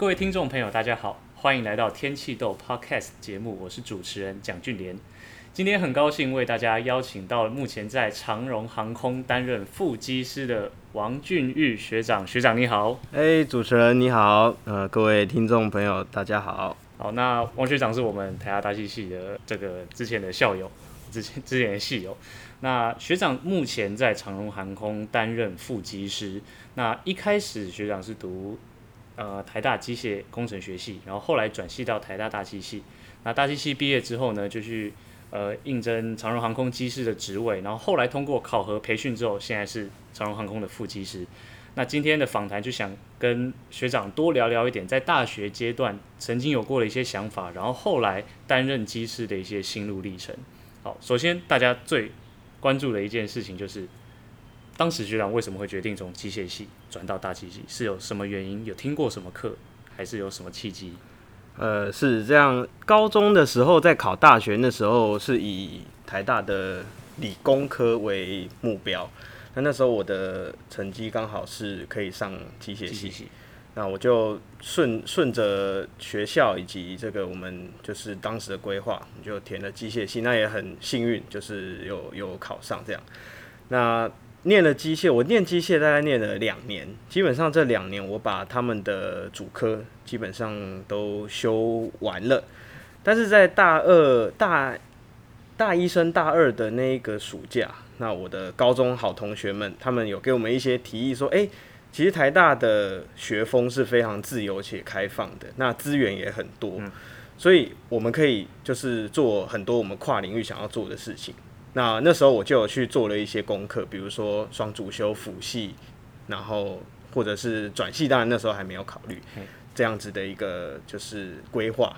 各位聽眾朋友，大家好，歡迎來到《天氣豆》Podcast 節目，我是主持人蔣俊蓮。今天很高興為大家邀請到了目前在長榮航空擔任副機師的王俊淯學長。學長你好，哎、欸，主持人你好，呃，各位聽眾朋友大家好。好，那王學長是我們台大大氣系的這個之前的校友，之前之前的系友。那學長目前在長榮航空擔任副機師。那一開始學長是讀。呃，台大機械工程學系，然後後來轉系到台大大氣系，那大氣系畢業之後呢，就去呃應徵長榮航空機師的職位，然後後來通過考核培訓之後，現在是長榮航空的副機師。那今天的訪談就想跟學長多聊聊一點，在大學階段曾經有過的一些想法，然後後來擔任機師的一些心路歷程。好，首先大家最關注的一件事情就是。當時學長為什麼會決定從機械系轉到大氣系？是有什麼原因？有聽過什麼課，還是有什麼契機？呃，是這樣，高中的時候在考大學的時候是以台大的理工科為目標，那那時候我的成績剛好是可以上機械系，系，那我就順順着學校以及這個我們就是當時的規劃，就填了機械系，那也很幸運，就是有有考上這樣，那。念了機械，我念機械大概念了兩年，基本上這兩年我把他們的主科基本上都修完了。但是在大二大大一升大二的那個暑假，那我的高中好同學們，他們有給我們一些提議說，誒、欸，其實台大的學風是非常自由且開放的，那資源也很多，嗯、所以我們可以就是做很多我們跨領域想要做的事情。那那時候我就有去做了一些功課，比如說雙主修輔系，然後或者是轉系，當然那時候還沒有考慮嘿這樣子的一個就是規劃。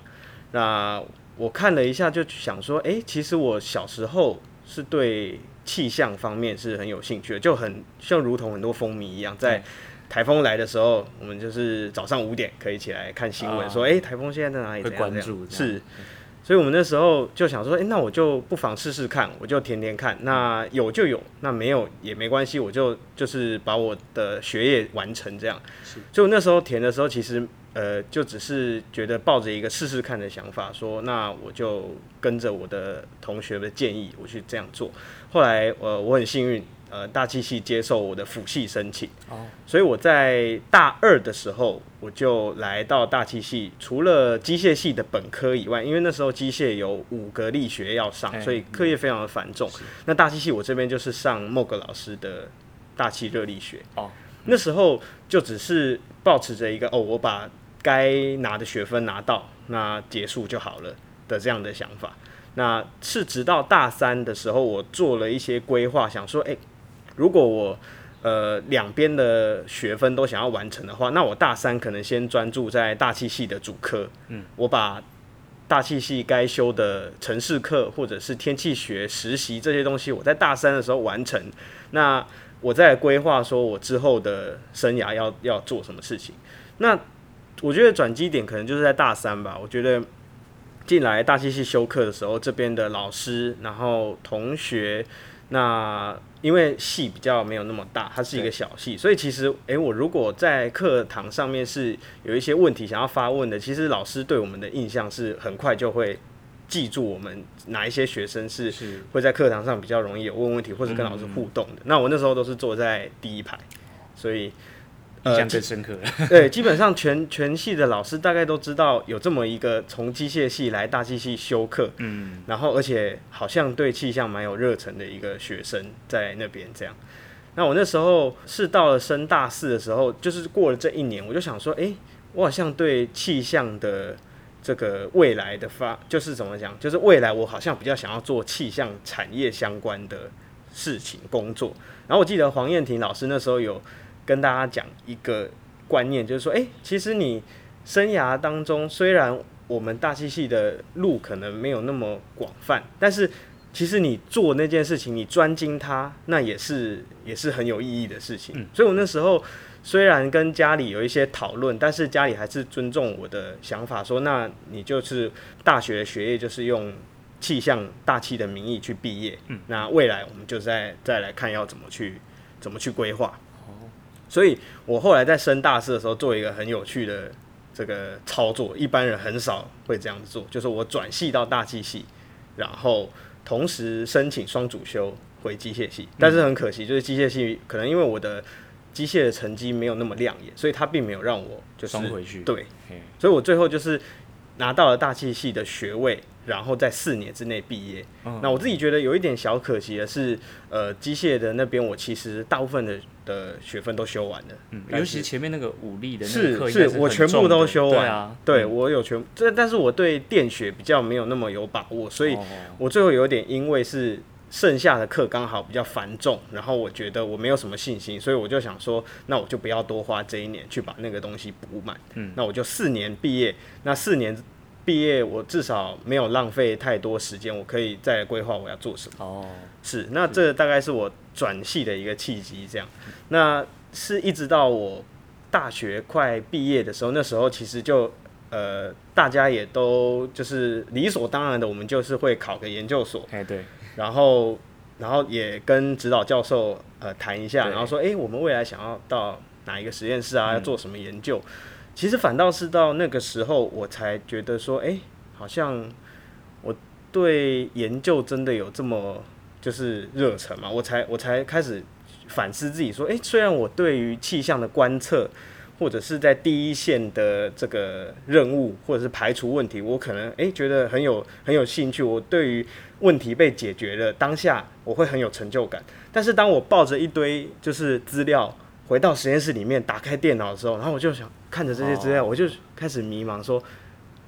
那我看了一下，就想說，哎、欸，其實我小時候是對氣象方面是很有興趣的，就很像如同很多風迷一樣，在颱風來的時候，我們就是早上五點可以起來看新聞，哦、說，哎、欸，颱風現在在哪裡？在關注是。嗯所以，我們那時候就想說，誒、欸，那我就不妨試試看，我就填填看。那有就有，那沒有也沒關係，我就就是把我的學業完成這樣。是，所以我那時候填的時候，其實呃，就只是覺得抱着一個試試看的想法，說那我就跟着我的同學的建議，我去這樣做。後來，呃，我很幸運。呃，大氣系接受我的輔系申請，Oh. 所以我在大二的時候，我就來到大氣系。除了機械系的本科以外，因為那時候機械有五個力學要上，哎、所以課業非常的繁重。是那大氣系我這邊就是上莫格老師的大氣熱力學，哦，Oh. 那時候就只是保持着一個哦，我把該拿的學分拿到，那結束就好了的這樣的想法。那是直到大三的時候，我做了一些規劃，想說，誒、哎。如果我呃、兩邊的學分都想要完成的話，那我大三可能先專注在大氣系的主科，嗯，我把大氣系該修的程式課或者是天氣學實習這些東西，我在大三的時候完成。那我再規劃說我之後的生涯要要做什麼事情。那我覺得轉機點可能就是在大三吧。我覺得進來大氣系修課的時候，這邊的老師，然後同學。那因為系比較沒有那麼大，它是一個小系，對所以其實，誒、欸，我如果在課堂上面是有一些問題想要發問的，其實老師對我們的印象是很快就會記住我們哪一些學生是會在課堂上比較容易有問問題是或者跟老師互動的。嗯嗯，那我那時候都是坐在第一排，所以。樣更、嗯、深刻對。 對，基本上全全系的老師大概都知道有這麼一個從機械系來大氣系修課，嗯，然後而且好像對氣象蠻有熱忱的一個學生在那邊這樣。那我那時候是到了升大四的時候，就是過了這一年，我就想說，哎、欸，我好像對氣象的這個未來的發，就是怎麼講，就是未來我好像比較想要做氣象產業相關的事情工作。然後我記得黃彥婷老師那時候有。跟大家講一個觀念，就是說，哎、欸，其實你生涯當中，雖然我們大氣系的路可能沒有那麼廣泛，但是其實你做那件事情，你專精它，那也是也是很有意義的事情。嗯、所以，我那時候雖然跟家裡有一些討論，但是家裡還是尊重我的想法，說，那你就是大學學業就是用氣象大氣的名義去畢業。嗯、那未來我們就再再來看要怎麼去怎麼去規劃。所以我後來在升大四的時候，做一個很有趣的這個操作，一般人很少會這樣子做，就是我轉系到大氣系，然後同時申請雙主修回機械系。但是很可惜，就是機械系可能因為我的機械的成績沒有那麼亮眼，所以他並沒有讓我就是雙回去。對，嘿所以我最後就是拿到了大氣系的學位。然後在四年之內畢業。Oh. 那我自己覺得有一點小可惜的是，呃，機械的那邊我其實大部分的的學分都修完了，嗯，是尤其前面那個武力的課是，的是，是我全部都修完。對啊，對我有全，嗯，這但是我對電學比較沒有那麼有把握，所以我最後有點因為是剩下的課剛好比較繁重，然後我覺得我沒有什麼信心，所以我就想說，那我就不要多花這一年去把那個東西補滿，嗯，那我就四年畢業，那四年，畢業，我至少沒有浪費太多時間，我可以再規劃我要做什麼。哦，是，那這大概是我轉系的一個契機，這樣。那是一直到我大學快畢業的時候，那時候其實就呃，大家也都就是理所當然的，我們就是會考個研究所。哎，對。然後，然後也跟指導教授呃談一下，對然後說，哎，我們未來想要到哪一個實驗室啊？嗯，要做什麼研究？其實反倒是到那個時候，我才覺得說，欸，好像我對研究真的有這麼就是熱忱嘛？我才我才開始反思自己說，欸，雖然我對於氣象的觀測，或者是在第一線的這個任務，或者是排除問題，我可能欸覺得很有很有興趣，我對於問題被解決的當下，我會很有成就感。但是當我抱着一堆就是資料。回到實驗室裡面，打開電腦的時候，然後我就想看着這些資料，哦、我就開始迷茫說，說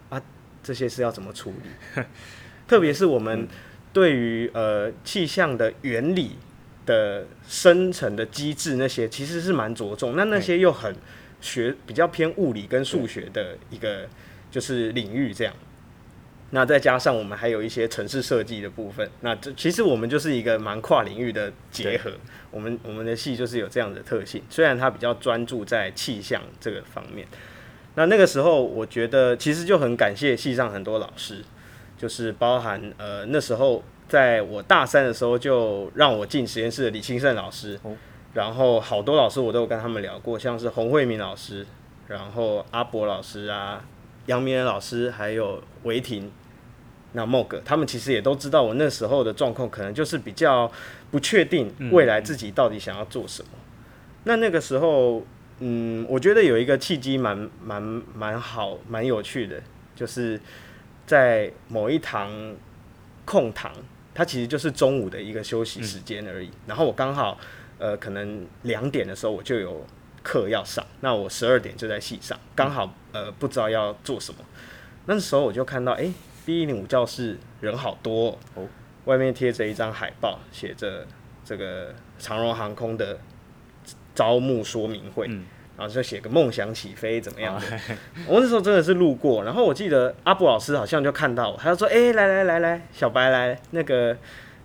啊，這些是要怎麼處理？ 特別是我們對於、嗯、呃氣象的原理的生成的機制那些，其實是蠻着重，那那些又很學比較偏物理跟數學的一個就是領域這樣。那再加上我們還有一些城市設計的部分，那這其實我們就是一個蠻跨領域的結合。對我們我們的系就是有這樣的特性，雖然他比較專注在氣象這個方面。那那個時候我覺得其實就很感謝系上很多老師，就是包含呃那時候在我大三的時候就讓我進實驗室的李清勝老師，哦、然後好多老師我都有跟他們聊過，像是洪惠敏老師，然後阿博老師啊，楊明仁老師，還有韋婷。那莫個，他們其實也都知道我那時候的狀況，可能就是比較不確定未來自己到底想要做什麼。嗯嗯，那那個時候，嗯，我覺得有一個契機蠻，蠻蠻蠻好，蠻有趣的，就是在某一堂空堂，它其實就是中午的一個休息時間而已。嗯、然後我剛好，呃，可能兩點的時候我就有課要上，那我十二點就在系上，剛好呃不知道要做什麼。那時候我就看到，哎。第一零五教室人好多、哦，哦、外面貼着一張海報，寫着這個長榮航空的招募說明會，嗯、然後就寫個夢想起飛怎麼樣？哦、嘿嘿，我那時候真的是路過，然後我記得阿布老師好像就看到我，他就說：“哎、欸，來來來來，小白來，那個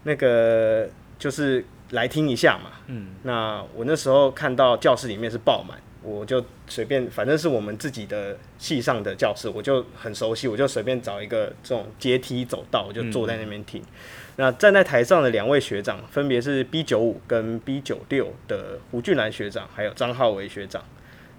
那個就是來聽一下嘛。”嗯，那我那時候看到教室裡面是爆滿。我就隨便，反正是我們自己的系上的教室，我就很熟悉，我就隨便找一個這種階梯走道，我就坐在那邊聽。嗯嗯，那站在台上的兩位學長，分別是 B 九五跟 B 九六的胡俊蘭學長，還有張浩偉學長，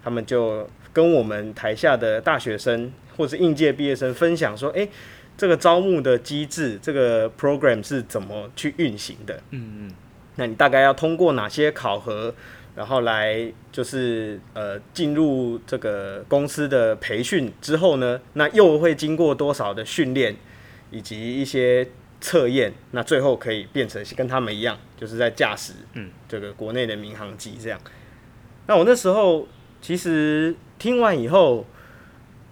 他們就跟我們台下的大學生或是應屆畢業生分享說：“誒、欸，這個招募的機制，這個 program 是怎麼去運行的？嗯嗯，那你大概要通過哪些考核？”然後來就是呃，進入這個公司的培訓之後呢，那又會經過多少的訓練以及一些測驗，那最後可以變成跟他們一樣，就是在駕駛嗯這個國內的民航機這樣。嗯、那我那時候其實聽完以後，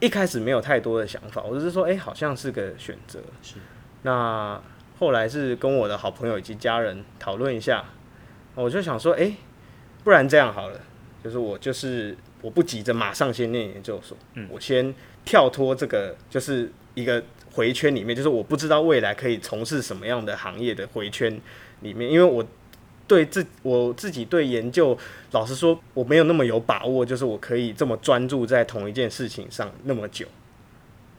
一開始沒有太多的想法，我只是說哎好像是個選擇是。那後來是跟我的好朋友以及家人討論一下，我就想說哎。誒不然這樣好了，就是我就是我不急着馬上先念研究所，嗯，我先跳脫這個就是一個回圈裡面，就是我不知道未來可以從事什麼樣的行業的回圈裡面，因為我對自我自己對研究，老實說我沒有那麼有把握，就是我可以這麼專注在同一件事情上那麼久，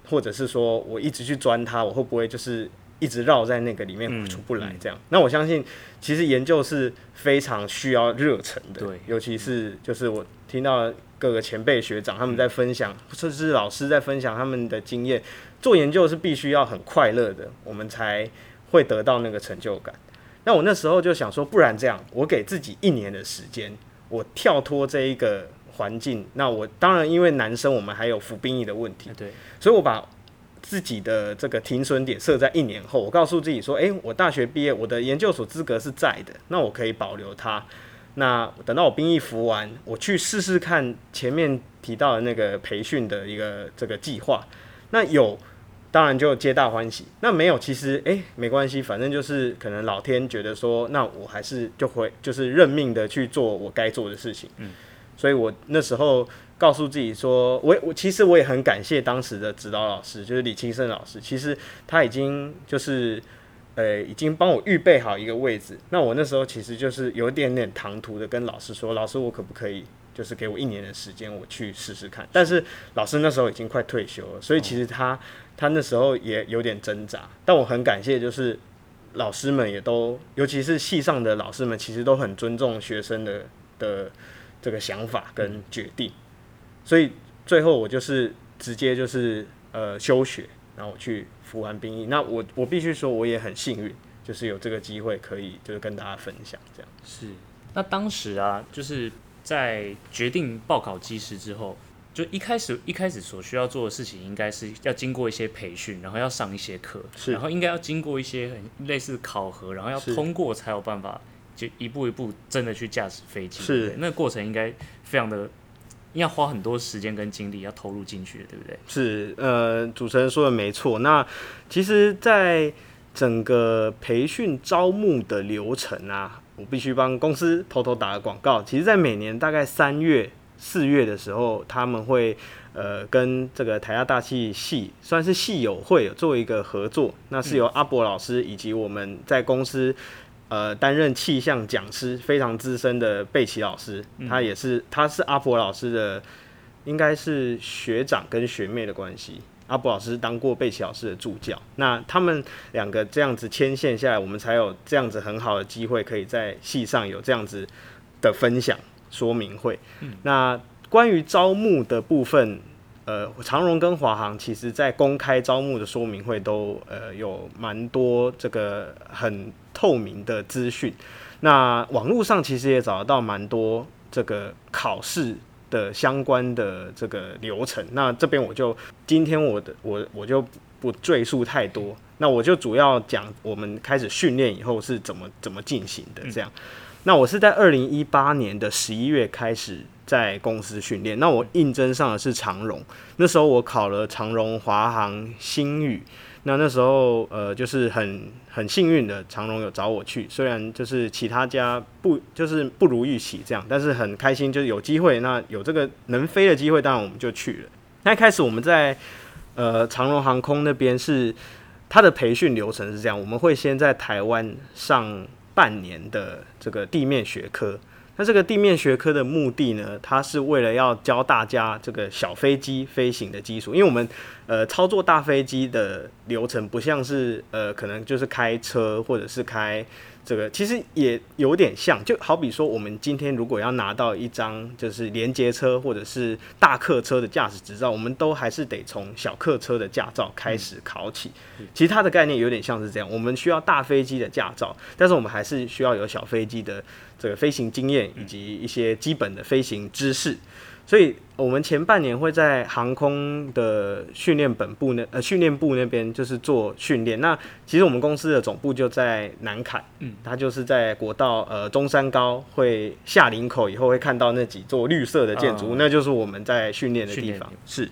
或者是說我一直去鑽它，我會不會就是。一直繞在那個裡面出不來，這樣。嗯、那我相信，其實研究是非常需要熱忱的，對尤其是就是我聽到各個前輩學長他們在分享，嗯、甚至是老師在分享他們的經驗，做研究是必須要很快樂的，我們才會得到那個成就感。那我那時候就想說，不然這樣，我給自己一年的時間，我跳脫這一個環境。那我當然因為男生，我們還有服兵役的問題，對，所以我把。自己的這個停損點設在一年後，我告訴自己說：“哎、欸，我大學畢業，我的研究所資格是在的，那我可以保留它。那等到我兵役服完，我去試試看前面提到的那個培訓的一個這個計劃。那有，當然就皆大歡喜；那沒有，其實哎、欸，沒關係，反正就是可能老天覺得說，那我還是就會就是認命的去做我該做的事情。嗯，所以我那時候。”告訴自己說，我我其實我也很感謝當時的指導老師，就是李清勝老師。其實他已經就是呃已經幫我預備好一個位置。那我那時候其實就是有點點唐突的跟老師說，老師我可不可以就是給我一年的時間，我去試試看？但是老師那時候已經快退休了，所以其實他、嗯、他那時候也有點掙扎。但我很感謝，就是老師們也都，尤其是系上的老師們，其實都很尊重學生的的這個想法跟決定。所以最後我就是直接就是呃休學，然後去服完兵役。那我我必須說我也很幸運，就是有這個機會可以就是跟大家分享這樣。是，那當時啊，就是在決定報考機師之後，就一開始一開始所需要做的事情，應該是要經過一些培訓，然後要上一些課，是，然後應該要經過一些很類似的考核，然後要通過才有辦法，就一步一步真的去駕駛飛機。是，那個過程應該非常的。要花很多時間跟精力要投入進去的，對不對？是，呃，主持人說的沒錯。那其實，在整個培訓招募的流程啊，我必須幫公司偷偷打個廣告。其實，在每年大概三月、四月的時候，他們會呃跟這個台大大氣系算是系友會有做一個合作，那是由阿伯老師以及我們在公司，呃，擔任氣象講師非常資深的貝奇老師，嗯、他也是，他是阿博老師的，應該是學長跟學妹的關係。阿博老師當過貝奇老師的助教，那他們兩個這樣子牽線下來，我們才有這樣子很好的機會，可以在系上有這樣子的分享說明會。嗯、那關於招募的部分，呃，長榮跟華航其實在公開招募的說明會都呃有蠻多這個很。透明的資訊，那網絡上其實也找得到蠻多這個考試的相關的這個流程。那這邊我就今天我的我我就不贅述太多，那我就主要講我們開始訓練以後是怎麼怎麼進行的。這樣，嗯、那我是在二零一八年的十一月開始在公司訓練。那我應徵上的是長榮，那時候我考了長榮、華航、星宇。那那時候呃就是很。很幸運的，長榮有找我去，雖然就是其他家不，就是不如預期這樣，但是很開心，就是有機會，那有這個能飛的機會，當然我們就去了。那一開始我們在呃長榮航空那邊是他的培訓流程是這樣，我們會先在台灣上半年的這個地面學科。那這個地面學科的目的呢？它是為了要教大家這個小飛機飛行的技術。因為我們呃操作大飛機的流程不像是呃可能就是開車或者是開。這個其實也有點像，就好比說，我們今天如果要拿到一張就是聯結車或者是大客車的駕駛執照，我們都還是得從小客車的駕照開始考起。嗯、其他的概念有點像是這樣，我們需要大飛機的駕照，但是我們還是需要有小飛機的這個飛行經驗以及一些基本的飛行知識。嗯嗯所以我們前半年會在航空的訓練本部那，呃訓練部那邊就是做訓練。那其實我們公司的總部就在南崁，嗯，它就是在國道呃，中山高會下林口以後會看到那幾座綠色的建築，啊、那就是我們在訓練的地方。是。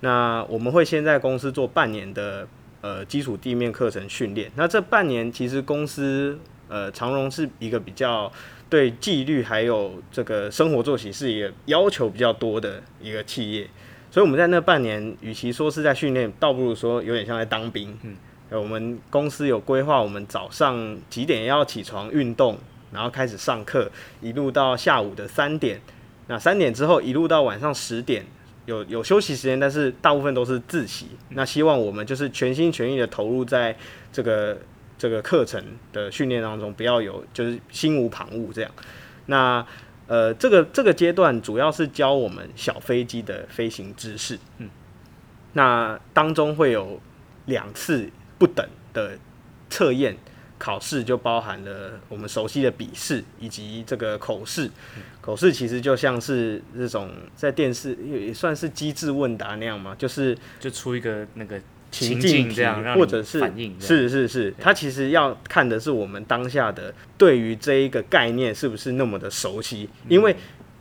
那我們會先在公司做半年的呃基礎地面課程訓練。那這半年其實公司呃，長榮是一個比較。對紀律還有這個生活作息是一個要求比較多的一個企業，所以我們在那半年，與其說是在訓練，倒不如說有點像在當兵。嗯，我們公司有規劃，我們早上幾點要起床運動，然後開始上課，一路到下午的三點。那三點之後，一路到晚上十點，有有休息時間，但是大部分都是自習。那希望我們就是全心全意的投入在這個。這個課程的訓練當中，不要有就是心無旁騖這樣。那呃，這個這個階段主要是教我們小飛機的飛行知識，嗯。那當中會有兩次不等的測驗考試，就包含了我們熟悉的筆試以及這個口試。嗯、口試其實就像是那種在電視也算是機智問答那樣嘛，就是就出一個那個。情境，情境這樣，這樣或者是反應是是是，對他其實要看的是我們當下的對於這一個概念是不是那麼的熟悉。嗯、因為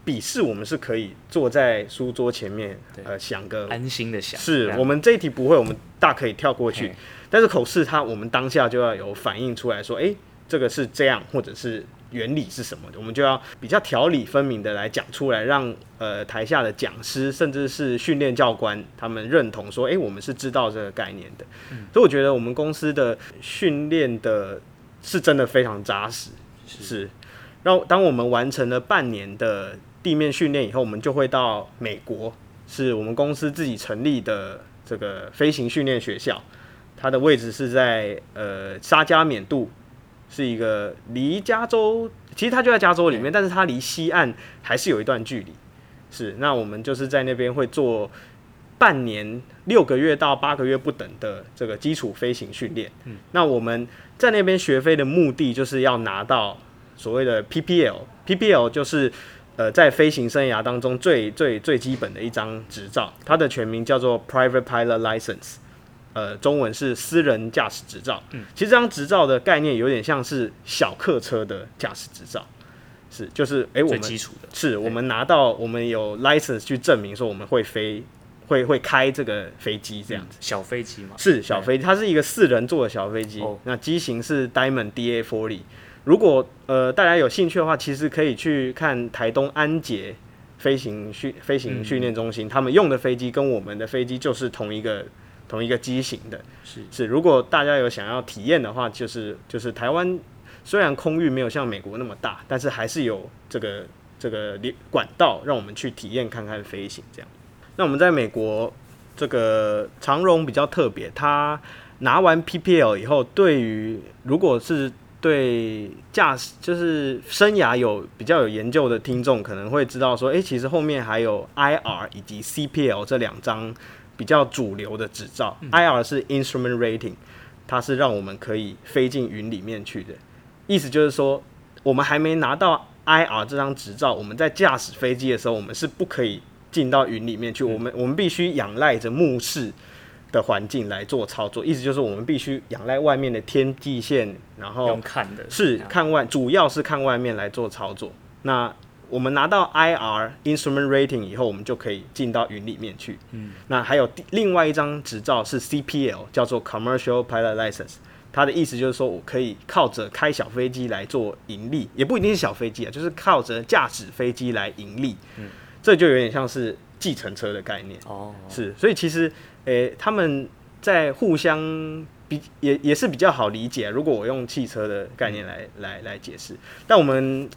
筆試我們是可以坐在書桌前面，對呃，想個安心的想。是樣我們這一題不會，我們大可以跳過去。對但是口試，他我們當下就要有反應出來說，哎、欸，這個是這樣，或者是。原理是什麼的？我們就要比較條理分明的來講出來，讓呃台下的講師甚至是訓練教官他們認同說，哎、欸，我們是知道這個概念的。嗯、所以我覺得我們公司的訓練的是真的非常扎實。是，讓是當我們完成了半年的地面訓練以後，我們就會到美國，是我們公司自己成立的這個飛行訓練學校，它的位置是在呃沙加緬度。是一個離加州，其實它就在加州裡面，嗯、但是它離西岸還是有一段距離。是，那我們就是在那邊會做半年，六個月到八個月不等的這個基礎飛行訓練。嗯，那我們在那邊學飛的目的就是要拿到所謂的 PPL，PPL 就是呃在飛行生涯當中最最最基本的一張執照。它的全名叫做 Private Pilot License。呃，中文是私人駕駛執照。嗯，其實這張執照的概念有點像是小客車的駕駛執照，嗯、是就是，哎、欸，最基礎的是、嗯、我們拿到我們有 license 去證明說我們會飛，嗯、會會開這個飛機這樣子。嗯、小飛機嗎？是小飛機，啊、它是一個四人座的小飛機。哦、那機型是 Diamond DA40。如果呃大家有興趣的話，其實可以去看台東安捷飛行訓飛行訓練中心，嗯、他們用的飛機跟我們的飛機就是同一個。同一個機型的是，是是。如果大家有想要體驗的話，就是，就是就是台灣雖然空域沒有像美國那麼大，但是還是有這個這個管道讓我們去體驗看看飛行這樣。那我們在美國這個長榮比較特別，他拿完 PPL 以後，對於如果是對駕駛就是生涯有比較有研究的聽眾可能會知道說，誒、欸，其實後面還有 IR 以及 CPL 這兩張。比較主流的執照，嗯，IR 是 Instrument Rating，它是讓我們可以飛進雲裡面去的。意思就是說，我們還沒拿到 IR 這張執照，我們在駕駛飛機的時候，我們是不可以進到雲裡面去。嗯、我們我們必須仰賴着目視的環境來做操作。意思就是我們必須仰賴外面的天際線，然後用看的是看外，主要是看外面來做操作。那我們拿到 IR Instrument Rating 以後，我們就可以進到雲裡面去。嗯，那還有另外一張執照是 CPL，叫做 Commercial Pilot License。它的意思就是說，我可以靠着開小飛機來做盈利，也不一定是小飛機啊，就是靠着駕駛飛機來盈利。嗯，這就有點像是計程車的概念。哦，哦，是，所以其實、欸，他們在互相比，也也是比較好理解。如果我用汽車的概念來、嗯、來來解釋，但我們。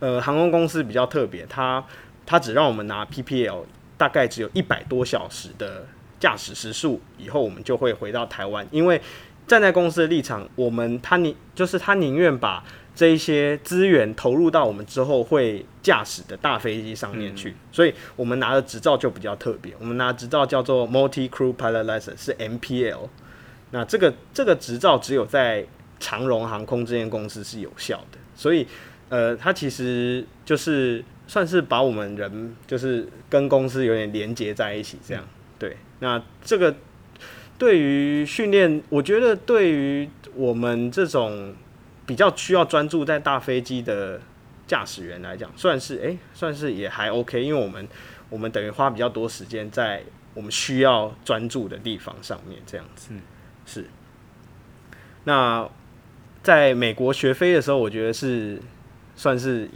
呃，航空公司比較特別，他他只讓我們拿 PPL，大概只有一百多小時的駕駛時數，以後我們就會回到台灣。因為站在公司的立場，我們他寧就是他寧願把這一些資源投入到我們之後會駕駛的大飛機上面去，嗯。所以我們拿的執照就比較特別。我們拿執照叫做 Multi Crew Pilot License，是 MPL。那這個這個執照只有在長榮航空這間公司是有效的，所以。呃，它其實就是算是把我們人就是跟公司有點連接在一起，這樣、嗯、對。那這個對於訓練，我覺得對於我們這種比較需要專注在大飛機的駕駛員來講，算是誒、欸，算是也還 OK，因為我們我們等於花比較多時間在我們需要專注的地方上面，這樣子。嗯、是。那在美國學飛的時候，我覺得是。算是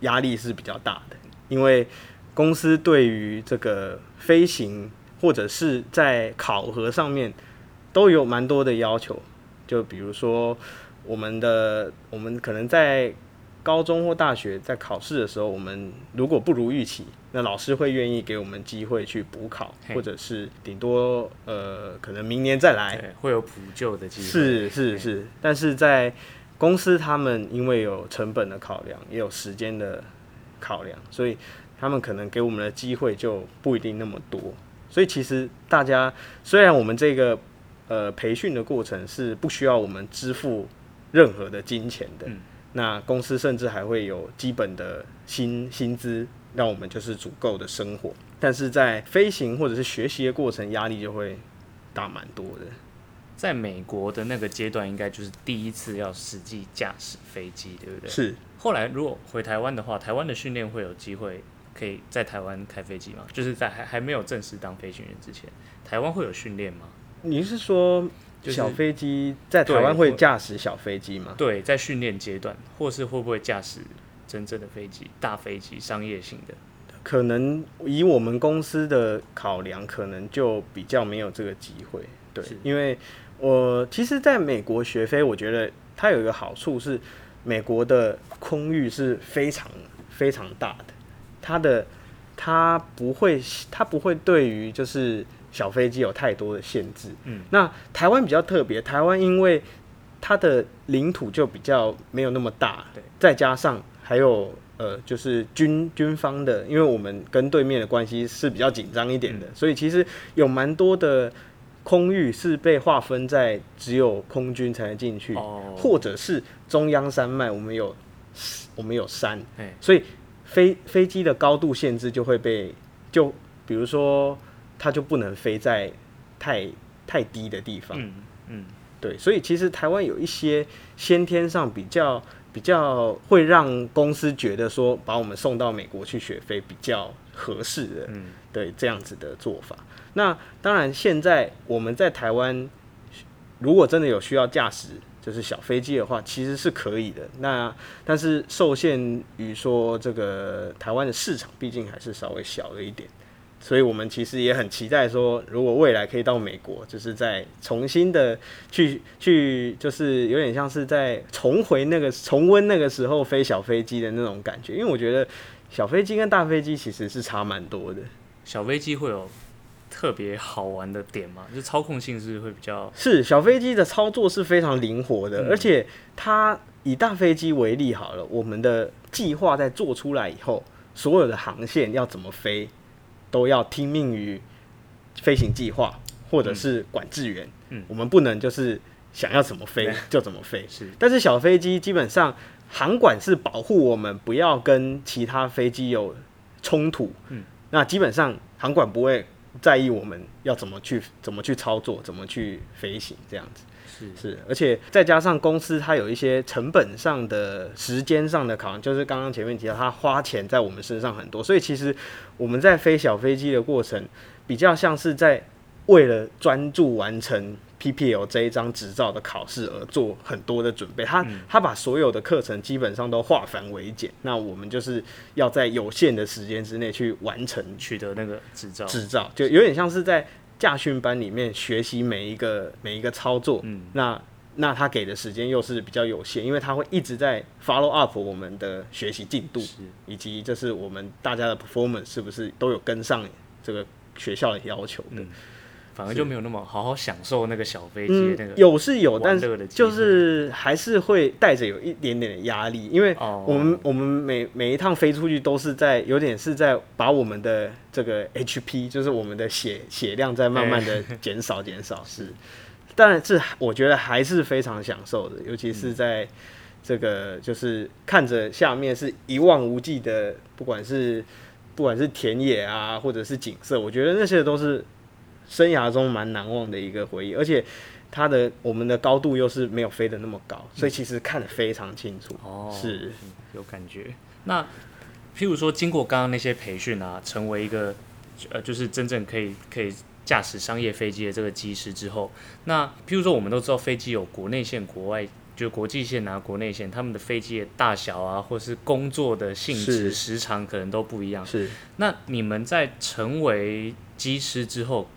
壓力是比較大的，因為公司對於這個飛行或者是在考核上面都有蠻多的要求。就比如說，我們的我們可能在高中或大學在考試的時候，我們如果不如預期，那老師會願意給我們機會去補考，嘿或者是頂多呃可能明年再來會有補救的機會。是是是，是是嘿但是在。公司他們因為有成本的考量，也有時間的考量，所以他們可能給我們的機會就不一定那麼多。所以其實大家雖然我們這個呃培訓的過程是不需要我們支付任何的金錢的，嗯，那公司甚至還會有基本的薪薪資讓我們就是足夠的生活，但是在飛行或者是學習的過程壓力就會大蠻多的。在美國的那個階段，應該就是第一次要實際駕駛飛機，對不對？是。後來如果回台灣的話，台灣的訓練會有機會可以在台灣開飛機嗎？就是在還還沒有正式當飛行員之前，台灣會有訓練嗎？你是說小飛機，在台灣會駕駛小飛機嗎對？對，在訓練階段，或是會不會駕駛真正的飛機、大飛機、商業性的？可能以我們公司的考量，可能就比較沒有這個機會。對，是因為。我其實在美國學飛，我覺得它有一個好處是，美國的空域是非常非常大的，它的它不會它不會對於就是小飛機有太多的限制。嗯，那台灣比較特別，台灣因為它的領土就比較沒有那麼大，對，再加上還有呃，就是軍軍方的，因為我們跟對面的關係是比較緊張一點的，所以其實有蠻多的。空域是被劃分在只有空軍才能進去，oh. 或者是中央山脈，我們有，我們有山，Hey. 所以飛飛機的高度限制就會被就，比如說它就不能飛在太太低的地方，嗯，嗯對，所以其實台灣有一些先天上比較比較會讓公司覺得說把我們送到美國去學飛比較。合適的，嗯，對，這樣子的做法。嗯、那當然，現在我們在台灣，如果真的有需要駕駛就是小飛機的話，其實是可以的。那但是受限於說，這個台灣的市場畢竟還是稍微小了一點，所以我們其實也很期待說，如果未來可以到美國，就是再重新的去去，就是有點像是在重回那個重溫那個時候飛小飛機的那種感覺，因為我覺得。小飛機跟大飛機其實是差蠻多的。小飛機會有特別好玩的點嗎？就操控性是，是會比較是小飛機的操作是非常靈活的，嗯、而且它以大飛機為例好了，我們的計劃在做出來以後，所有的航線要怎麼飛，都要聽命於飛行計劃或者是管制員。嗯，嗯我們不能就是想要怎麼飛、嗯、就怎麼飛。是，但是小飛機基本上。航管是保護我們，不要跟其他飛機有衝突。嗯，那基本上航管不會在意我們要怎麼去、怎麼去操作、怎麼去飛行這樣子。是是，而且再加上公司它有一些成本上的、時間上的考量，就是剛剛前面提到，它花錢在我們身上很多，所以其實我們在飛小飛機的過程，比較像是在為了專注完成。PPL 這一張執照的考試而做很多的準備，他、嗯、他把所有的課程基本上都化繁為簡。那我們就是要在有限的時間之內去完成取得那個執照，執照就有點像是在駕訓班裡面學習每一個每一個操作。嗯、那那他給的時間又是比較有限，因為他會一直在 follow up 我們的學習進度，是以及這是我們大家的 performance 是不是都有跟上這個學校的要求的。嗯反而就沒有那麼好好享受那個小飛機，那個是，嗯、有是有，但是就是還是會帶着有一點點的壓力，因為我們、哦啊、我們每每一趟飛出去都是在有點是在把我們的這個 HP，就是我們的血血量在慢慢的減少減少，欸， 是，但是我覺得還是非常享受的，尤其是在這個就是看着下面是一望無際的，不管是不管是田野啊，或者是景色，我覺得那些都是。生涯中蠻難忘的一個回憶，而且它，他的我們的高度又是沒有飛得那麼高，所以其實看得非常清楚。哦、嗯，是、嗯、有感覺。那譬如說，經過剛剛那些培訓啊，成為一個呃，就是真正可以可以駕駛商業飛機的這個機師之後，那譬如說，我們都知道飛機有國內線、國外就是、國際線啊、國內線，他們的飛機的大小啊，或是工作的性質、是時長可能都不一樣。是。那你們在成為機師之後，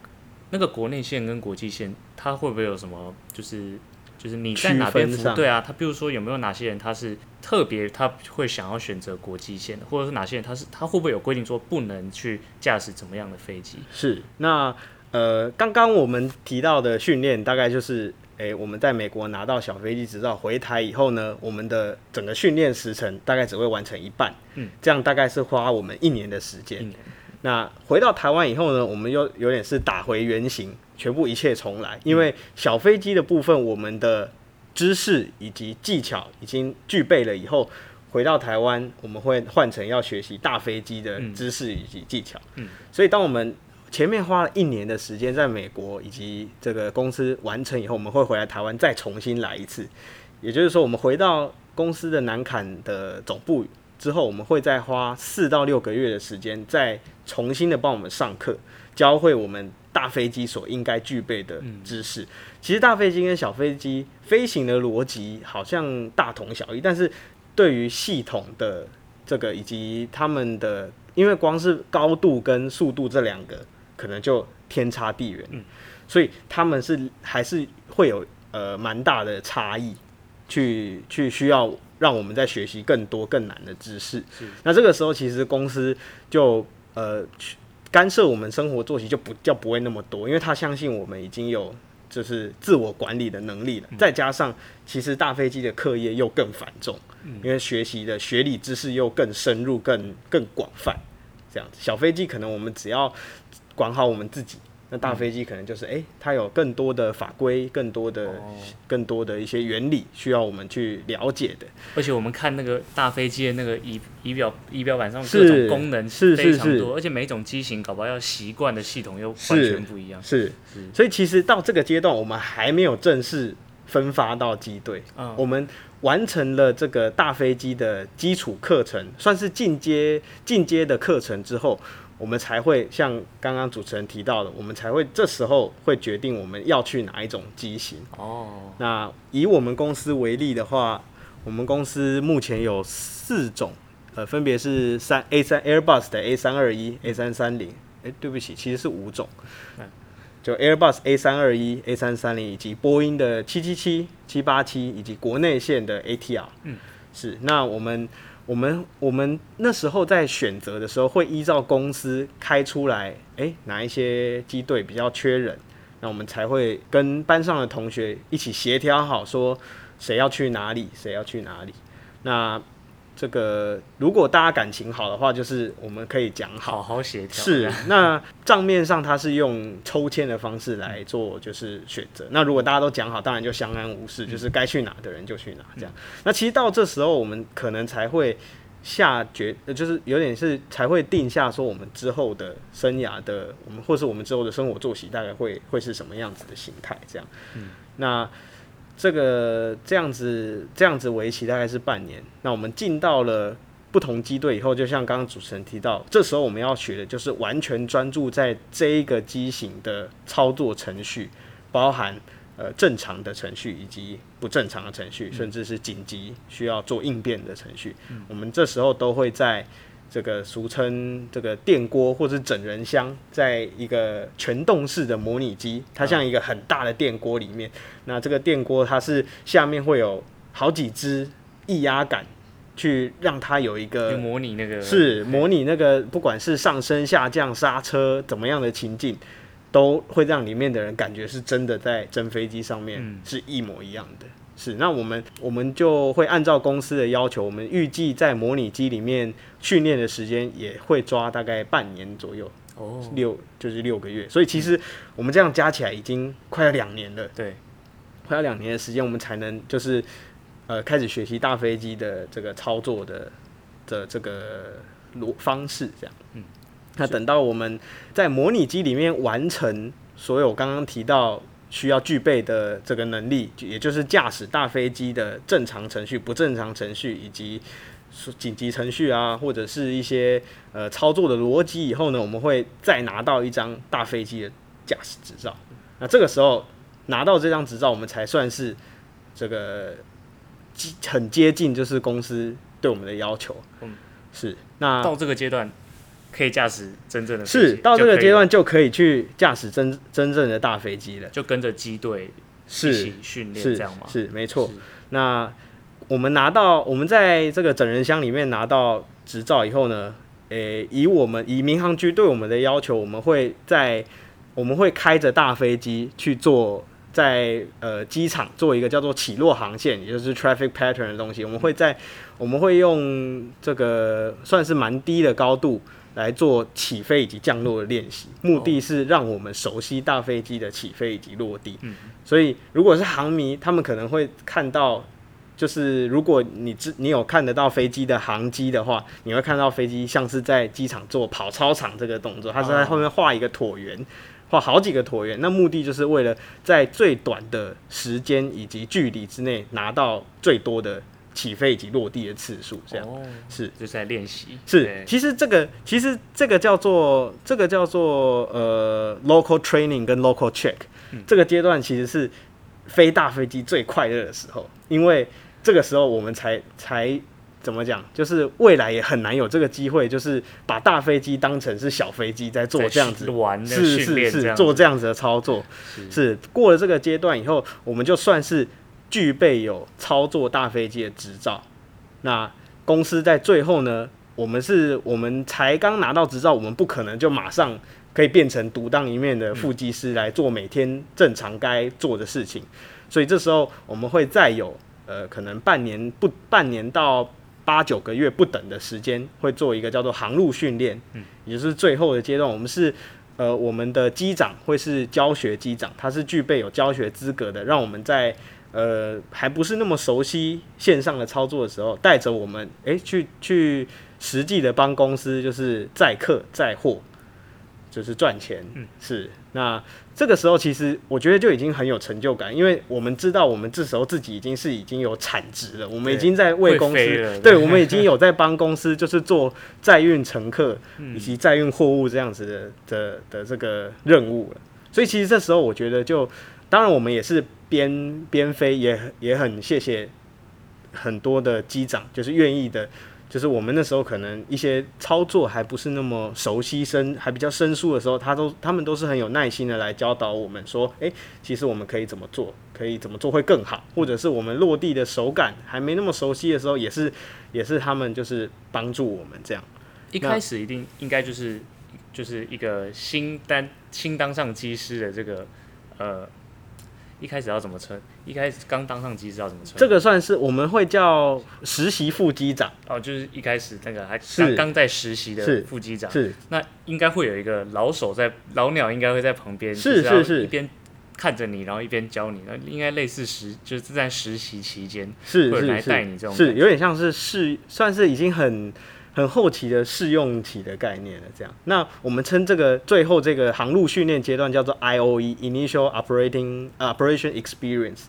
那個國內線跟國際線，它會不會有什麼？就是就是你在哪邊服對啊？它比如說有沒有哪些人他是特別，他會想要選擇國際線的，或者是哪些人他是他會不會有規定說不能去駕駛怎麼樣的飛機？是那呃，剛剛我們提到的訓練，大概就是哎、欸，我們在美國拿到小飛機執照回台以後呢，我們的整個訓練時程大概只會完成一半，嗯，這樣大概是花我們一年的時間。嗯那回到台灣以後呢，我們又有點是打回原形，全部一切重來。因為小飛機的部分，嗯，我們的知識以及技巧已經具備了以後，回到台灣我們會換成要學習大飛機的知識以及技巧。嗯，所以當我們前面花了一年的時間在美國以及這個公司完成以後，我們會回來台灣再重新來一次。也就是說，我們回到公司的南崁的總部。之後，我們會再花四到六個月的時間，再重新的幫我們上課，教會我們大飛機所應該具備的知識。嗯、其實，大飛機跟小飛機飛行的邏輯好像大同小異，但是對於系統的這個以及他們的，因為光是高度跟速度這兩個，可能就天差地遠，嗯、所以他們是還是會有呃蠻大的差異。去去需要讓我們再學習更多更難的知識，是那這個時候其實公司就呃去干涉我們生活作息就不叫不會那麼多，因為他相信我們已經有就是自我管理的能力了，嗯、再加上其實大飛機的課業又更繁重，嗯、因為學習的學理知識又更深入更更廣泛，這樣子小飛機可能我們只要管好我們自己。那大飛機可能就是哎、嗯欸，它有更多的法規，更多的、哦、更多的一些原理需要我們去了解的。而且我們看那個大飛機的那個儀儀表儀表板上各種功能是非常多，而且每種機型搞不好要習慣的系統又完全不一樣。是，是是所以其實到這個階段，我們還沒有正式分發到機隊。啊、哦，我們完成了這個大飛機的基礎課程，算是進階進階的課程之後，我們才會像剛剛主持人提到的，我們才會這時候會決定我們要去哪一種機型哦。Oh. 那以我們公司為例的話，我們公司目前有四種，呃，分別是三 A 三 Airbus 的 A 三二一 A 三三零，誒，對不起，其實是五種，就 Airbus A 三二一 A 三三零以及波音的七七七、七八七以及國內線的 ATR。嗯，是。那我們。我們我們那時候在選擇的時候，會依照公司開出來，誒，哪一些機隊比較缺人，那我們才會跟班上的同學一起協調好，說誰要去哪裡，誰要去哪裡。那。這個如果大家感情好的話，就是我們可以講好，好好協調。是， 那賬面上他是用抽籤的方式來做，就是選擇。那如果大家都講好，當然就相安無事，嗯、就是該去哪的人就去哪，這樣。嗯、那其實到這時候，我們可能才會下決，就是有點是才會定下說我們之後的生涯的，我們或是我們之後的生活作息大概會會是什麼樣子的形態，這樣。嗯，那。這個這樣子這樣子為期大概是半年。那我們進到了不同機隊以後，就像剛剛主持人提到，這時候我們要學的就是完全專注在這一個機型的操作程序，包含呃正常的程序以及不正常的程序，甚至是緊急需要做應變的程序。嗯、我們這時候都會在。這個俗稱這個電鍋或是整人箱，在一個全動式的模擬機，它像一個很大的電鍋裡面。那這個電鍋它是下面會有好幾支液壓桿，去讓它有一個模擬那個是模擬那個，不管是上升、下降、剎車怎麼樣的情境，都會讓裡面的人感覺是真的在真飛機上面是一模一樣的。嗯是，那我們我們就會按照公司的要求，我們預計在模擬機裡面訓練的時間也會抓大概半年左右，哦，六就是六個月，所以其實我們這樣加起來已經快要兩年了，嗯、對，快要兩年的時間，我們才能就是呃開始學習大飛機的這個操作的的這個邏方式這樣，嗯，那等到我們在模擬機裡面完成所有剛剛提到。需要具備的這個能力，也就是駕駛大飛機的正常程序、不正常程序以及緊急程序啊，或者是一些呃操作的邏輯。以後呢，我們會再拿到一張大飛機的駕駛執照。那這個時候拿到這張執照，我們才算是這個很接近，就是公司對我們的要求。嗯，是。那到這個階段。可以駕駛真正的飛機，是到這個階段就可以去駕駛真真正的大飛機了，就跟着機隊一起訓練是這樣嗎？是，是沒錯。是那我們拿到我們在這個整人箱裡面拿到執照以後呢，誒、欸，以我們以民航局對我們的要求，我們會在我們會開着大飛機去做在呃機場做一個叫做起落航線，也就是 traffic pattern 的東西。我們會在我們會用這個算是蠻低的高度，來做起飛以及降落的練習，oh. 目的是讓我們熟悉大飛機的起飛以及落地。嗯。所以，如果是航迷，他們可能會看到，就是如果你知你有看得到飛機的航跡的話，你會看到飛機像是在機場做跑操場這個動作，它是在後面畫一個橢圓，oh. 畫好幾個橢圓。那目的就是為了在最短的時間以及距離之內拿到最多的。起飛以及落地的次數，這樣、oh, 是就在練習。是，對其實這個其實這個叫做這個叫做呃，local training 跟 local check、嗯。這個階段其實是飛大飛機最快樂的時候，因為這個時候我們才才怎麼講，就是未來也很難有這個機會，就是把大飛機當成是小飛機在做這樣子，樣子是是是，是做這樣子的操作。是，是過了這個階段以後，我們就算是。具備有操作大飛機的執照，那公司在最後呢，我們是，我們才剛拿到執照，我們不可能就馬上可以變成獨當一面的副機師來做每天正常該做的事情。嗯、所以這時候我們會再有，呃，可能半年不半年到八九個月不等的時間，會做一個叫做航路訓練，嗯，也就是最後的階段。我們是，呃，我們的機長會是教學機長，他是具備有教學資格的，讓我們在。呃，還不是那麼熟悉線上的操作的時候，帶着我們哎、欸，去去實際的幫公司就是載客載貨，就是賺錢。嗯、是。那這個時候其實我覺得就已經很有成就感，因為我們知道我們這時候自己已經是已經有產值了，對我們已經在為公司，對會我們已經有在幫公司就是做載運乘客以及載運貨物這樣子的、嗯、的的這個任務了。所以其實這時候我覺得就，當然我們也是。邊邊飛也也很謝謝很多的機長，就是願意的，就是我們那時候可能一些操作還不是那麼熟悉生、生還比較生疏的時候，他都他們都是很有耐心的來教導我們，說：“哎、欸，其實我們可以怎麼做，可以怎麼做會更好。”或者是我們落地的手感還沒那麼熟悉的時候，也是也是他們就是幫助我們這樣。一開始一定那應該就是就是一個新單，新當上機師的這個呃。一開始要怎麼稱？一開始剛當上機，知道怎麼稱。這個算是我們會叫實習副機長哦，就是一開始那個還是剛在實習的副機長是。是，是那應該會有一個老手在，老鳥應該會在旁邊，就是是是，一邊看着你，然後一邊教你。那應該類似實，就是在實習期間，是是會來帶你這種是是是，有點像是是，算是已經很。很後期的試用期的概念了，這樣。那我們稱這個最後這個航路訓練階段叫做 IOE Initial Operating Operation Experience，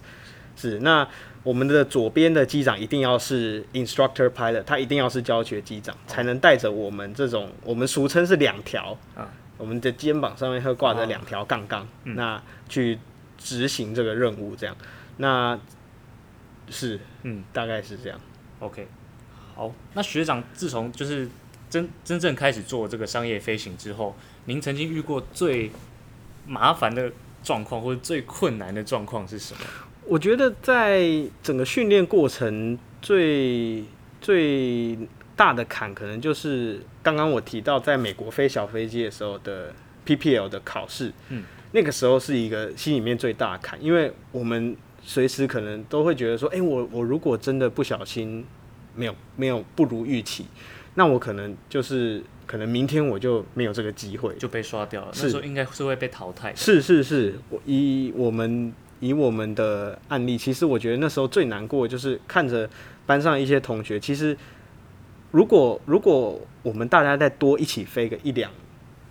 是。那我們的左邊的機長一定要是 Instructor Pilot，他一定要是教學機長，哦、才能帶着我們這種我們俗稱是兩條啊，我們的肩膀上面會掛着兩條槓槓，啊、那去執行這個任務，這樣。那是，嗯，大概是這樣。OK。好，那學長自從就是真真正開始做這個商業飛行之後，您曾經遇過最麻煩的狀況，或者最困難的狀況是什麼？我覺得在整個訓練過程最最大的坎，可能就是剛剛我提到在美國飛小飛機的時候的 PPL 的考試。嗯，那個時候是一個心裡面最大的坎，因為我們隨時可能都會覺得說，哎、欸，我我如果真的不小心，沒有沒有不如預期，那我可能就是可能明天我就沒有這個機會就被刷掉了，是那時候應該是會被淘汰是。是是是，我以我們以我們的案例，其實我覺得那時候最難過的就是看着班上一些同學，其實如果如果我們大家再多一起飛個一兩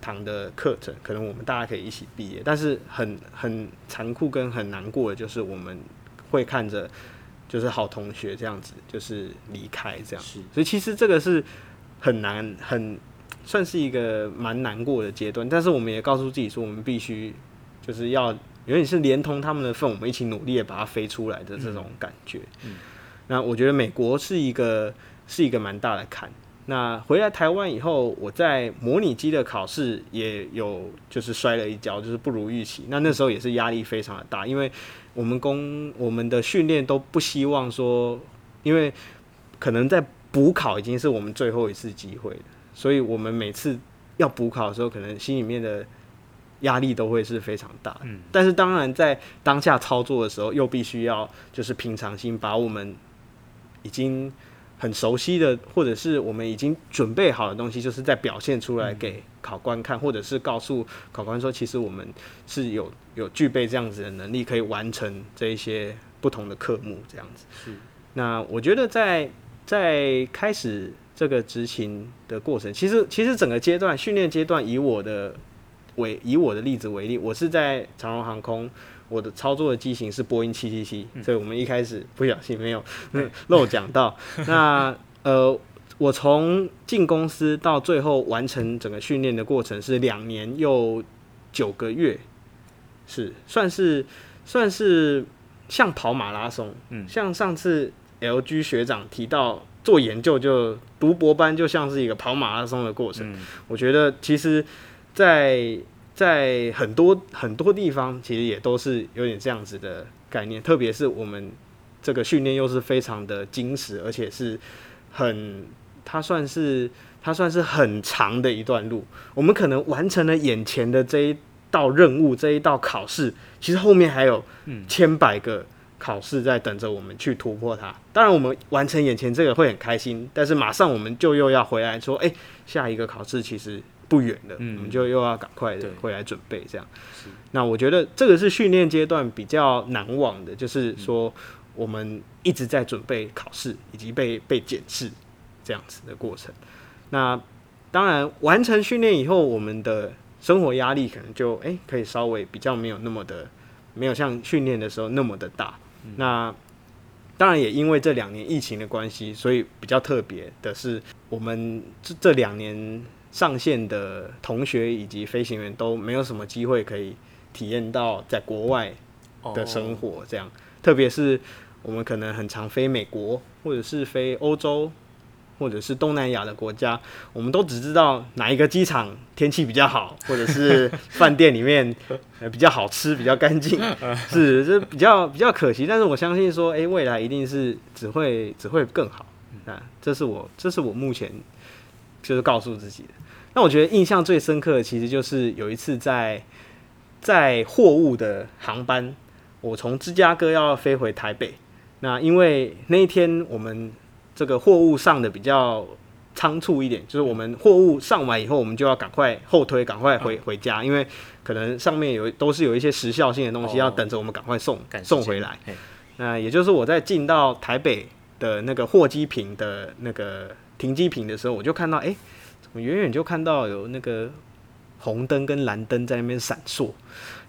堂的課程，可能我們大家可以一起畢業。但是很很殘酷跟很難過的就是我們會看着。就是好同學這樣子，就是離開這樣子，是所以其實這個是很難，很算是一個蠻難過的階段。但是我們也告訴自己說，我們必須就是要，因為你是連同他們的份，我們一起努力的把它飛出來的這種感覺。嗯，那我覺得美國是一個是一個蠻大的坎。那回來台灣以後，我在模擬機的考試也有，就是摔了一跤，就是不如預期。那那時候也是壓力非常的大，因為我們工我們的訓練都不希望說，因為可能在補考已經是我們最後一次機會，所以我們每次要補考的時候，可能心裡面的壓力都會是非常大。但是當然在當下操作的時候，又必須要就是平常心，把我們已經，很熟悉的或者是我們已經準備好的東西，就是在表現出來給考官看，嗯、或者是告訴考官說，其實我們是有有具備這樣子的能力，可以完成這一些不同的科目，這樣子。是、嗯。那我覺得在，在在開始這個執勤的過程，其實其實整個階段訓練階段，段以我的為以我的例子為例，我是在長榮航空。我的操作的機型是波音七七七，所以我們一開始不小心沒有漏講、嗯、到。 那呃，我從進公司到最後完成整個訓練的過程是兩年又九個月，是算是算是像跑馬拉松。嗯，像上次 LG 學長提到做研究就讀博班，就像是一個跑馬拉松的過程。嗯、我覺得其實，在在很多很多地方，其實也都是有點這樣子的概念。特別是我們這個訓練又是非常的精實，而且是很，它算是它算是很長的一段路。我們可能完成了眼前的這一道任務，這一道考試，其實後面還有千百個考試在等着我們去突破它。嗯。當然，我們完成眼前這個會很開心，但是馬上我們就又要回來說，哎、欸，下一個考試其實。不遠的，嗯、我們就又要趕快回來準備這樣。那我覺得這個是訓練階段比較難忘的，就是說我們一直在準備考試以及被被檢視這樣子的過程。那當然完成訓練以後，我們的生活壓力可能就誒、欸、可以稍微比較沒有那麼的，沒有像訓練的時候那麼的大。嗯、那當然也因為這兩年疫情的關係，所以比較特別的是我們這這兩年。上線的同學以及飛行員都沒有什麼機會可以體驗到在國外的生活，這樣。特別是我們可能很常飛美國，或者是飛歐洲，或者是東南亞的國家，我們都只知道哪一個機場天氣比較好，或者是飯店裡面比較好吃，比較乾淨，是這比較比較可惜。但是我相信說，誒，未來一定是只會只會更好。啊，這是我這是我目前。就是告訴自己的。那我覺得印象最深刻的，其實就是有一次在載貨物的航班，我從芝加哥要飛回台北。那因為那一天我們這個貨物上的比較倉促一點，就是我們貨物上完以後，我們就要趕快後推，趕快回、嗯、回家，因為可能上面有都是有一些時效性的東西、哦、要等着我們趕快送送回來。嘿那也就是我在進到台北的那個貨機坪的那個。停機坪的時候，我就看到，哎、欸，怎麼遠遠就看到有那個紅燈跟藍燈在那邊閃爍，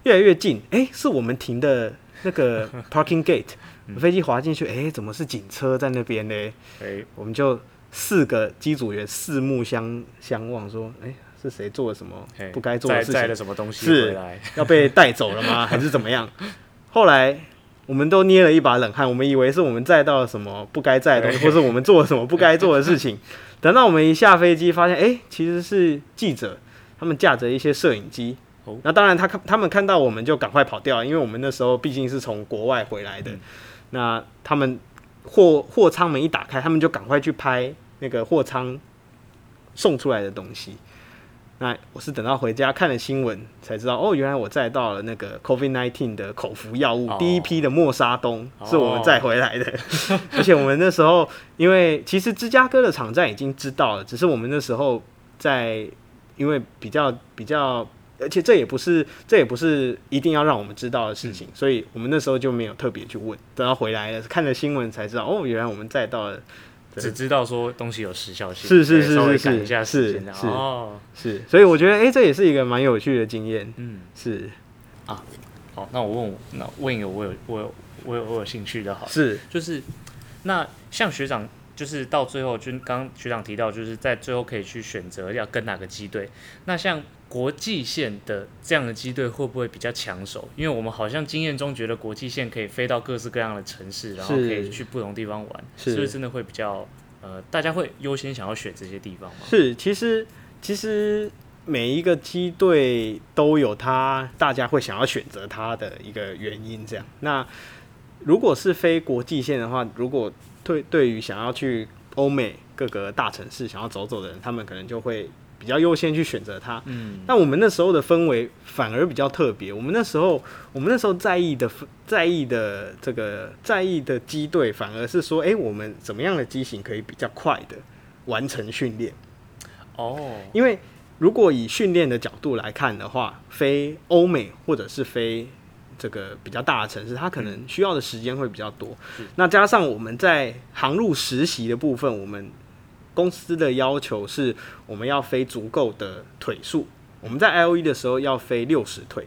越來越近，哎、欸，是我們停的那個 parking gate， 嗯、飛機滑進去，哎、欸，怎麼是警車在那邊呢？哎、欸，我們就四個機組員四目相相望，說，哎、欸，是誰做了什麼不該做的事情？欸、什麼東西？是，要被帶走了嗎？ 還是怎麼樣？後來。我們都捏了一把冷汗，我們以為是我們載到了什麼不該載的東西，對 或是我們做了什麼不該做的事情。 等到我們一下飛機，發現，誒、欸，其實是記者他們架着一些攝影機。Oh. 那當然他，他看他們看到我們就趕快跑掉了，因為我們那時候畢竟是從國外回來的。嗯、那他們貨貨艙門一打開，他們就趕快去拍那個貨艙送出來的東西。那我是等到回家看了新聞才知道，哦，原來我載到了那個 COVID nineteen 的口服藥物，第一批的默沙東、oh. 是我們載回來的。Oh. 而且我們那時候，因為其實芝加哥的場站已經知道了， 只是我們那時候在，因為比較比較，而且這也不是這也不是一定要讓我們知道的事情，嗯、所以我們那時候就沒有特別去問。等到回來了，看了新聞才知道，哦，原來我們載到了。對只知道說東西有時效性，是是是，是，是，是稍微趕一下時間是，是，是，是然後哦，是，所以我覺得哎、欸，這也是一個蠻有趣的經驗，嗯，是啊，好，那我問我那問一個我有我有我有，我有，我，有我有興趣的，好，好是就是那像學長就是到最後，就剛剛學長提到就是在最後可以去選擇要跟哪個機隊，那像。國際線的這樣的機隊會不會比較搶手？因為我們好像經驗中覺得國際線可以飛到各式各樣的城市，是然後可以去不同地方玩，是，是不是真的會比較呃，大家會優先想要選這些地方嗎？是，其實其實每一個機隊都有它大家會想要選擇它的一個原因。這樣，那如果是飛國際線的話，如果對對於想要去歐美各個大城市想要走走的人，他們可能就會。比較優先去選擇它。嗯，但我們那時候的氛圍反而比較特別。我們那時候，我們那時候在意的在意的這個在意的機隊，反而是說，誒、欸，我們怎麼樣的機型可以比較快的完成訓練？哦，因為如果以訓練的角度來看的話，飛歐美或者是飛這個比較大的城市，它可能需要的時間會比較多。是那加上我們在航路實習的部分，我們。公司的要求是我們要飛足夠的腿數。我們在 IOE 的時候要飛六十腿。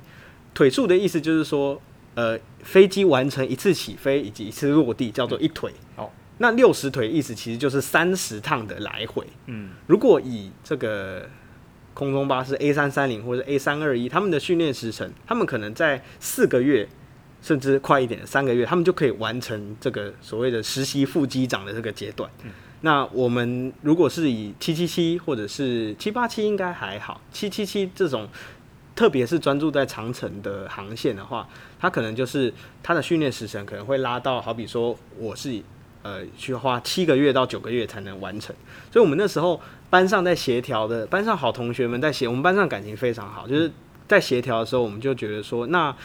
腿數的意思就是說，呃，飛機完成一次起飛以及一次落地叫做一腿。嗯、哦，那六十腿的意思其實就是三十趟的來回。嗯，如果以這個空中巴士 A 三三零，或者 A 三二一，他們的訓練時程，他們可能在四個月甚至快一點三個月，他們就可以完成這個所謂的實習副機長的這個階段。嗯那我們如果是以七七七或者是七八七，應該還好。七七七這種，特別是專注在長程的航線的話，它可能就是它的訓練時程可能會拉到，好比說我是呃去花七個月到九個月才能完成。所以我們那時候班上在協調的，班上好同學們在協，我們班上感情非常好，就是在協調的時候，我們就覺得說，那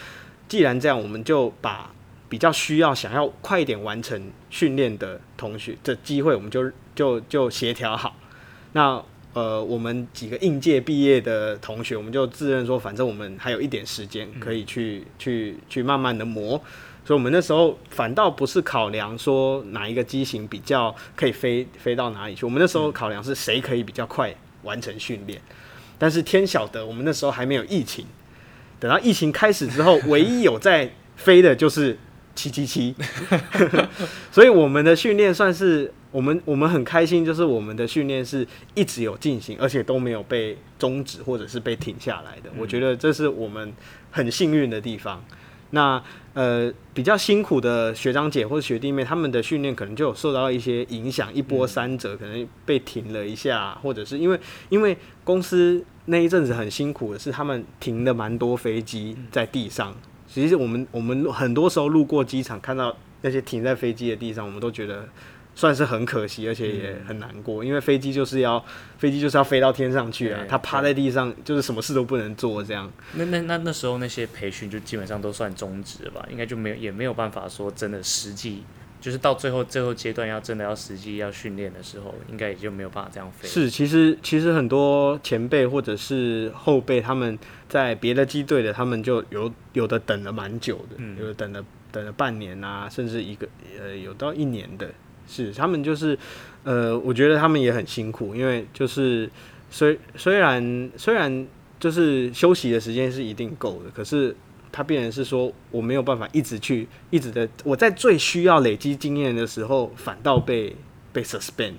既然這樣，我們就把。比較需要想要快一點完成訓練的同學的，這機會我們就就就協調好。那呃，我們幾個應屆畢業的同學，我們就自認說，反正我們還有一點時間可以去、嗯、去去慢慢的磨。所以，我們那時候反倒不是考量說哪一個機型比較可以飛飛到哪裡去，我們那時候考量是誰可以比較快完成訓練。嗯、但是天曉得，我們那時候還沒有疫情，等到疫情開始之後，唯一有在飛的就是。 七七七， 所以我們的訓練算是我們我們很開心，就是我們的訓練是一直有進行，而且都沒有被終止或者是被停下來的。我覺得這是我們很幸運的地方。那呃，比較辛苦的學長姐或者學弟妹，他們的訓練可能就有受到一些影響，一波三折，可能被停了一下，或者是因為因為公司那一陣子很辛苦的是，他們停了蠻多飛機在地上。其實我們我們很多時候路過機場，看到那些停在飛機的地上，我們都覺得算是很可惜，而且也很難過，嗯、因為飛機就是要飛機就是要飛到天上去啊，對它趴在地上就是什麼事都不能做這樣。那那那那時候那些培訓就基本上都算中止了吧，應該就沒有也沒有辦法說真的實際。就是到最後最後階段要真的要實際要訓練的時候，應該也就沒有辦法這樣飛了。是，其實其實很多前輩或者是後輩，他們在別的機隊的，他們就有有的等了蠻久的，嗯、有的等了等了半年啊，甚至一個呃有到一年的。是，他們就是呃，我覺得他們也很辛苦，因為就是雖雖然雖然就是休息的時間是一定夠的，可是。他變成是說，我沒有辦法一直去，一直的，我在最需要累積經驗的時候，反倒被被 suspend。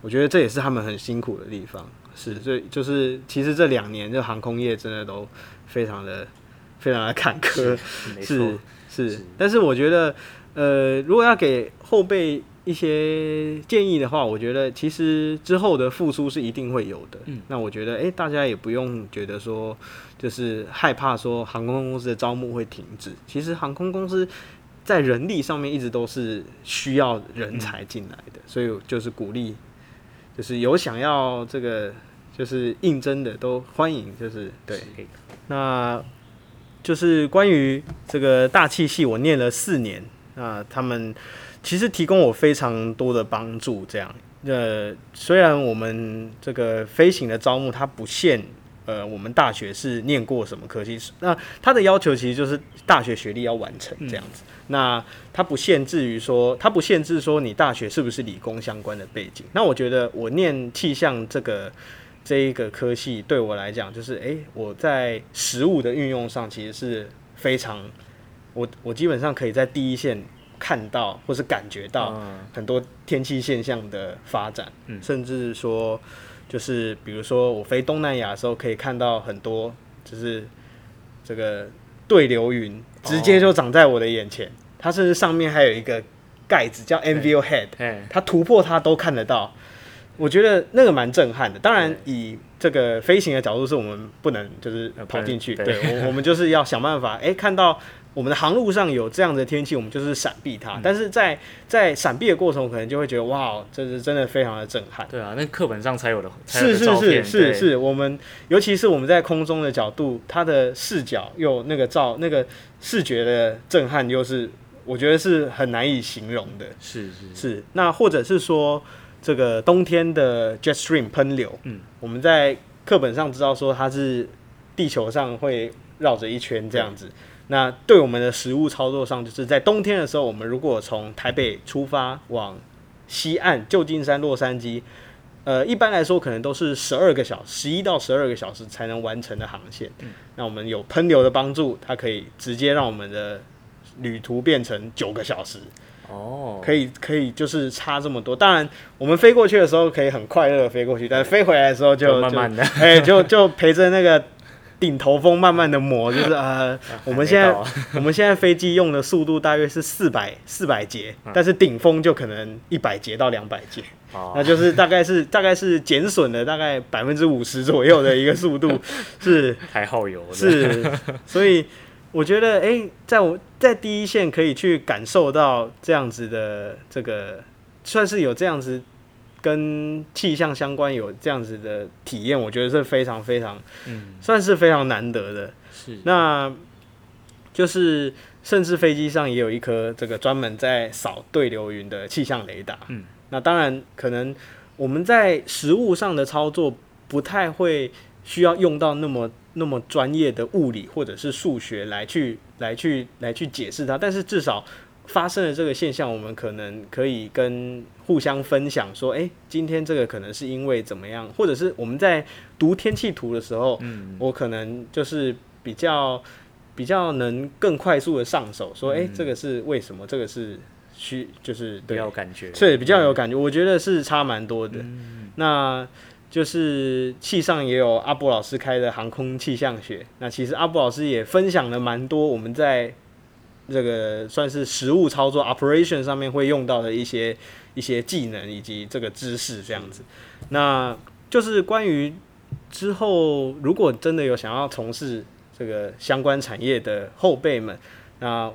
我覺得這也是他們很辛苦的地方，嗯、是，所以就是其實這兩年這航空業真的都非常的非常的坎坷，沒錯，是。是是，但是我覺得，呃，如果要給後輩。一些建議的話，我覺得其實之後的復甦是一定會有的。嗯、那我覺得，誒、欸，大家也不用覺得說，就是害怕說航空公司的招募會停止。其實航空公司在人力上面一直都是需要人才進來的，嗯、所以就是鼓勵，就是有想要這個就是應徵的都歡迎。就是對，那就是關於這個大氣系，我念了四年，那他們。其實提供我非常多的幫助，這樣。呃，雖然我們這個飛行的招募它不限，呃，我們大學是念過什麼科系，那它的要求其實就是大學學歷要完成這樣子。嗯、那它不限制於說，它不限制說你大學是不是理工相關的背景。那我覺得我念氣象這個這一個科系對我來講，就是哎、欸，我在實務的運用上其實是非常，我我基本上可以在第一線。看到或是感覺到很多天氣現象的發展，嗯、甚至說，就是比如說我飛東南亞的時候，可以看到很多就是這個對流雲直接就長在我的眼前，哦、它甚至上面還有一個蓋子叫 Anvil Head，欸欸，它突破它都看得到，我覺得那個蠻震撼。的。當然，以這個飛行的角度，是我們不能就是跑進去，對，對，對，我們就是要想辦法哎、欸、看到，我們的航路上有這樣的天氣，我們就是閃避它。嗯、但是在在閃避的過程，我可能就會覺得哇，這是真的非常的震撼。對啊，那課本上才有的，有的是是是是是對。是是我們尤其是我們在空中的角度，它的視角又那個照那個視覺的震撼，又是我覺得是很難以形容的。是是是，是。那或者是說，這個冬天的 Jet Stream 噴流，嗯，我們在課本上知道說它是地球上會繞着一圈這樣子。那對我們的實務操作上，就是在冬天的時候，我們如果從台北出發往西岸、舊金山、洛杉磯，呃，一般來說可能都是十二個小、時，十一到十二個小時才能完成的航線。嗯，那我們有噴流的幫助，它可以直接讓我們的旅途變成九個小時。哦可，可以可以，就是差這麼多。當然，我們飛過去的時候可以很快樂的飛過去，但是飛回來的時候就，就慢慢的，哎，就就陪着那個。頂頭風慢慢的磨，就是、呃、啊。我們現在 我們現在飛機用的速度大約是四百四百節，嗯、但是頂風就可能一百節到兩百節，哦、那就是大概是大概是減損了，大概百分之五十左右的一個速度，是還耗油是，所以我覺得哎、欸，在我在第一線可以去感受到這樣子的這個算是有這樣子。跟氣象相關有這樣子的體驗，我覺得是非常非常，嗯，算是非常難得的。是，那就是甚至飛機上也有一顆這個專門在掃對流雲的氣象雷達。嗯，那當然可能我們在實務上的操作不太會需要用到那麼那麼專業的物理或者是數學來去來去來去解釋它，但是至少。發生了這個現象，我們可能可以跟互相分享說，哎、欸，今天這個可能是因為怎麼樣，或者是我們在讀天氣圖的時候，嗯、我可能就是比較比較能更快速的上手，說，哎、欸，嗯、這個是為什麼？這個是需就是比較有感覺，對，比較有感覺。嗯、我覺得是差蠻多的。嗯、那就是氣上也有阿布老師開的航空氣象學，那其實阿布老師也分享了蠻多我們在。這個算是實務操作 operation 上面會用到的一些一些技能以及這個知識這樣子，那就是關於之後，如果真的有想要從事這個相關產業的後輩們，那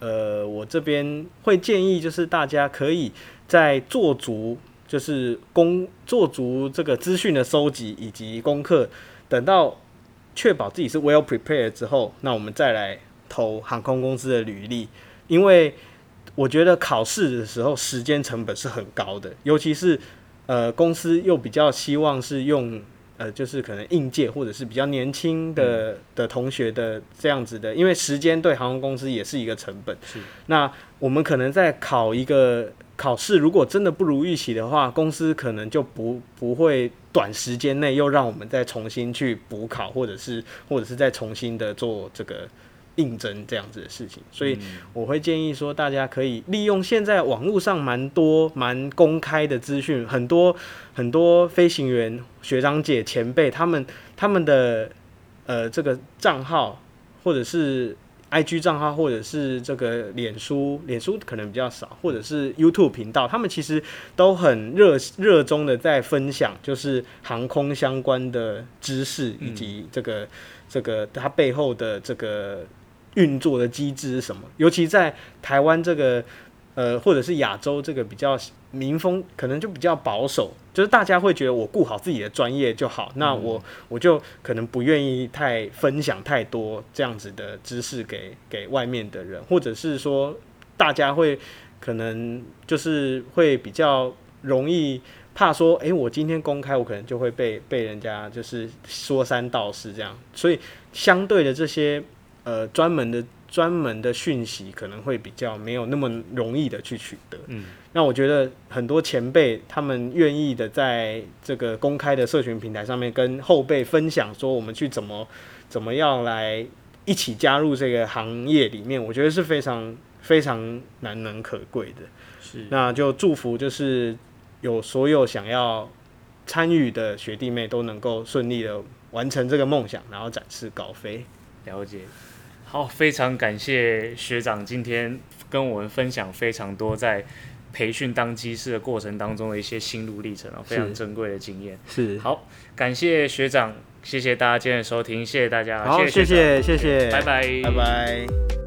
呃我這邊會建議就是大家可以在做足就是工做足這個資訊的收集以及功課，等到確保自己是 well prepared 之後，那我們再來，投航空公司的履歷，因為我覺得考試的時候時間成本是很高的，尤其是呃公司又比較希望是用呃就是可能應屆或者是比較年輕的、嗯、的同學的這樣子的，因為時間對航空公司也是一個成本。是。那我們可能在考一個考試，如果真的不如預期的話，公司可能就不不會短時間內又讓我們再重新去補考，或者是或者是再重新的做這個。應徵這樣子的事情，所以我會建議說，大家可以利用現在網絡上蠻多蠻公開的資訊，很多很多飛行員學長姐前輩，他們他們的呃這個賬號，或者是 IG 賬號，或者是這個臉書，臉書可能比較少，或者是 YouTube 頻道，他們其實都很熱熱衷的在分享，就是航空相關的知識以及這個、嗯、這個它背後的這個。運作的機制是什麼？尤其在台灣這個，呃，或者是亞洲這個比較民風可能就比較保守，就是大家會覺得我顧好自己的專業就好，那我、嗯、我就可能不願意太分享太多這樣子的知識給給外面的人，或者是說大家會可能就是會比較容易怕說，哎、欸，我今天公開，我可能就會被被人家就是說三道四這樣，所以相對的這些。呃，專門的專門的訊息可能會比較沒有那麼容易的去取得。嗯，那我覺得很多前輩他們願意的在這個公開的社群平台上面跟後輩分享，說我們去怎麼怎麼樣來一起加入這個行業裡面，我覺得是非常非常難能可貴的。是，那就祝福就是有所有想要參與的學弟妹都能夠順利的完成這個夢想，然後展翅高飛。了解。好，非常感謝學長今天跟我們分享非常多在培訓當機師的過程當中的一些心路歷程啊、哦，非常珍貴的經驗。是，好，感謝學長，謝謝大家今天的收聽，謝謝大家，好，謝謝，謝謝，謝謝，謝謝，拜拜，拜拜。拜拜。